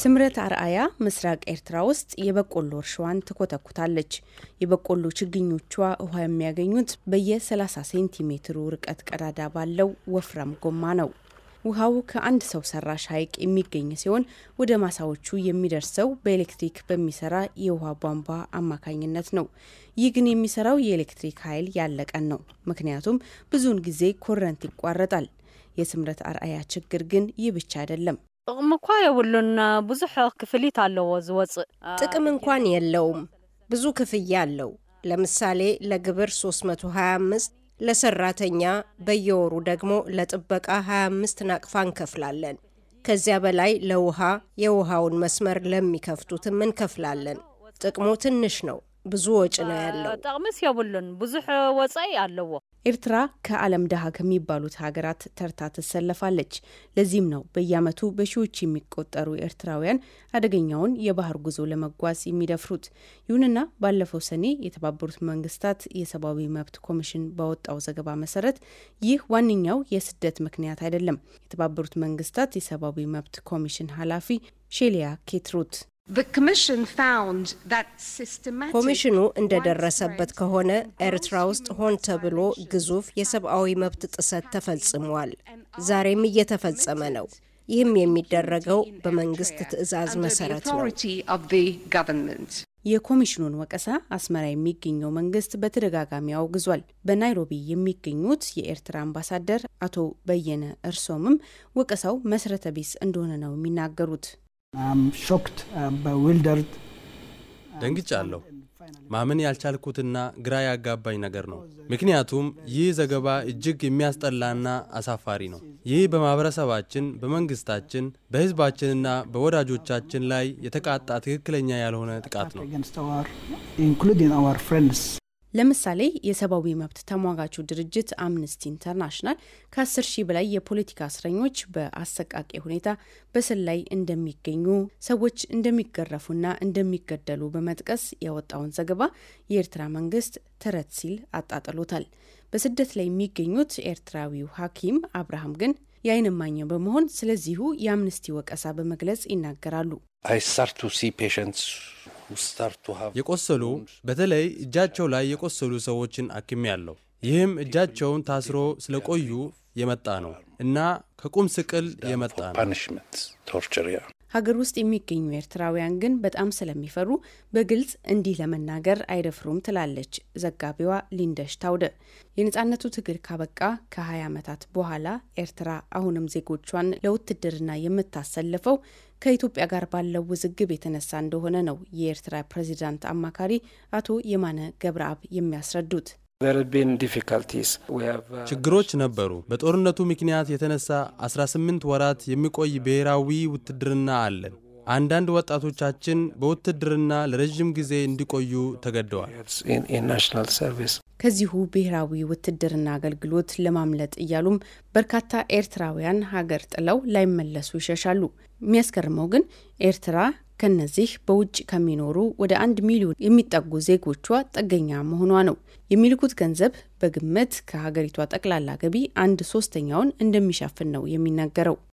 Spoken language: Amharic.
ስምረት አርአያ ምስራቅ ኤርትራ ውስጥ የበቆሎ እርሻዋን ትኮተኩታለች። የበቆሎ ችግኞቿ ውሃ የሚያገኙት በየ30 ሴንቲሜትሩ ርቀት ቀዳዳ ባለው ወፍራም ጎማ ነው። ውሃው ከአንድ ሰው ሰራሽ ሐይቅ የሚገኝ ሲሆን ወደ ማሳዎቹ የሚደርሰው በኤሌክትሪክ በሚሰራ የውሃ ቧንቧ አማካኝነት ነው። ይህ ግን የሚሰራው የኤሌክትሪክ ኃይል ያለቀን ነው። ምክንያቱም ብዙውን ጊዜ ኮረንት ይቋረጣል። የስምረት አርአያ ችግር ግን ይህ ብቻ አይደለም። ጥቕሚ እኳ የብሉና ብዙሕ ክፍሊት ኣለዎ ዝወፅእ ጥቅም እንኳን የለውም። ብዙ ክፍያ ኣለው። ለምሳሌ ለግብር 325 ለሰራተኛ በየወሩ ደግሞ ለጥበቃ 25 ናቅፋ እንከፍላለን። ከዚያ በላይ ለውሃ የውሃውን መስመር ለሚከፍቱትም እንከፍላለን። ጥቅሙ ትንሽ ነው። ብዙ ወጪ ነው ያለው። ጠቅምስ የብሉን ብዙሕ ወጻኢ ኣለዎ። ኤርትራ ከዓለም ድሃ ከሚባሉት ሀገራት ተርታ ትሰለፋለች። ለዚህም ነው በየዓመቱ በሺዎች የሚቆጠሩ ኤርትራውያን አደገኛውን የባህር ጉዞ ለመጓዝ የሚደፍሩት። ይሁንና ባለፈው ሰኔ የተባበሩት መንግስታት የሰብአዊ መብት ኮሚሽን ባወጣው ዘገባ መሰረት ይህ ዋነኛው የስደት ምክንያት አይደለም። የተባበሩት መንግስታት የሰብአዊ መብት ኮሚሽን ኃላፊ ሼሊያ ኬትሩት ኮሚሽኑ እንደደረሰበት ከሆነ ኤርትራ ውስጥ ሆን ተብሎ ግዙፍ የሰብአዊ መብት ጥሰት ተፈጽሟል። ዛሬም እየተፈጸመ ነው። ይህም የሚደረገው በመንግስት ትዕዛዝ መሰረት ነው። የኮሚሽኑን ወቀሳ አስመራ የሚገኘው መንግስት በተደጋጋሚ አውግዟል። በናይሮቢ የሚገኙት የኤርትራ አምባሳደር አቶ በየነ እርሶምም ወቀሳው መሰረተ ቢስ እንደሆነ ነው የሚናገሩት። ደንግጫለሁ። ማመን ያልቻልኩትና ግራ ያጋባኝ ነገር ነው። ምክንያቱም ይህ ዘገባ እጅግ የሚያስጠላና አሳፋሪ ነው። ይህ በማህበረሰባችን፣ በመንግስታችን፣ በህዝባችንና በወዳጆቻችን ላይ የተቃጣ ትክክለኛ ያልሆነ ጥቃት ነው። ለምሳሌ የሰብአዊ መብት ተሟጋቹ ድርጅት አምነስቲ ኢንተርናሽናል ከ10 ሺህ በላይ የፖለቲካ እስረኞች በአሰቃቂ ሁኔታ በስል ላይ እንደሚገኙ፣ ሰዎች እንደሚገረፉና እንደሚገደሉ በመጥቀስ ያወጣውን ዘገባ የኤርትራ መንግስት ተረት ሲል አጣጥሎታል። በስደት ላይ የሚገኙት ኤርትራዊው ሐኪም አብርሃም ግን የአይን እማኝ በመሆን ስለዚሁ የአምነስቲ ወቀሳ በመግለጽ ይናገራሉ። የቆሰሉ በተለይ እጃቸው ላይ የቆሰሉ ሰዎችን አክሜ ያለው ይህም እጃቸውን ታስሮ ስለቆዩ የመጣ ነው እና ከቁም ስቅል የመጣ ነው። ሀገር ውስጥ የሚገኙ ኤርትራውያን ግን በጣም ስለሚፈሩ በግልጽ እንዲህ ለመናገር አይደፍሩም ትላለች ዘጋቢዋ ሊንደሽ ታውደ። የነፃነቱ ትግል ካበቃ ከ20 ዓመታት በኋላ ኤርትራ አሁንም ዜጎቿን ለውትድርና የምታሰልፈው ከኢትዮጵያ ጋር ባለው ውዝግብ የተነሳ እንደሆነ ነው የኤርትራ ፕሬዚዳንት አማካሪ አቶ የማነ ገብረአብ የሚያስረዱት። Uh, ችግሮች ነበሩ። በጦርነቱ ምክንያት የተነሳ 18 ወራት የሚቆይ ብሔራዊ ውትድርና አለን። አንዳንድ ወጣቶቻችን በውትድርና ለረዥም ጊዜ እንዲቆዩ ተገደዋል። ከዚሁ ብሔራዊ ውትድርና አገልግሎት ለማምለጥ እያሉም በርካታ ኤርትራውያን ሀገር ጥለው ላይመለሱ ይሸሻሉ። የሚያስገርመው ግን ኤርትራ ከነዚህ በውጭ ከሚኖሩ ወደ አንድ ሚሊዮን የሚጠጉ ዜጎቿ ጥገኛ መሆኗ ነው። የሚልኩት ገንዘብ በግምት ከሀገሪቷ ጠቅላላ ገቢ አንድ ሶስተኛውን እንደሚሸፍን ነው የሚነገረው።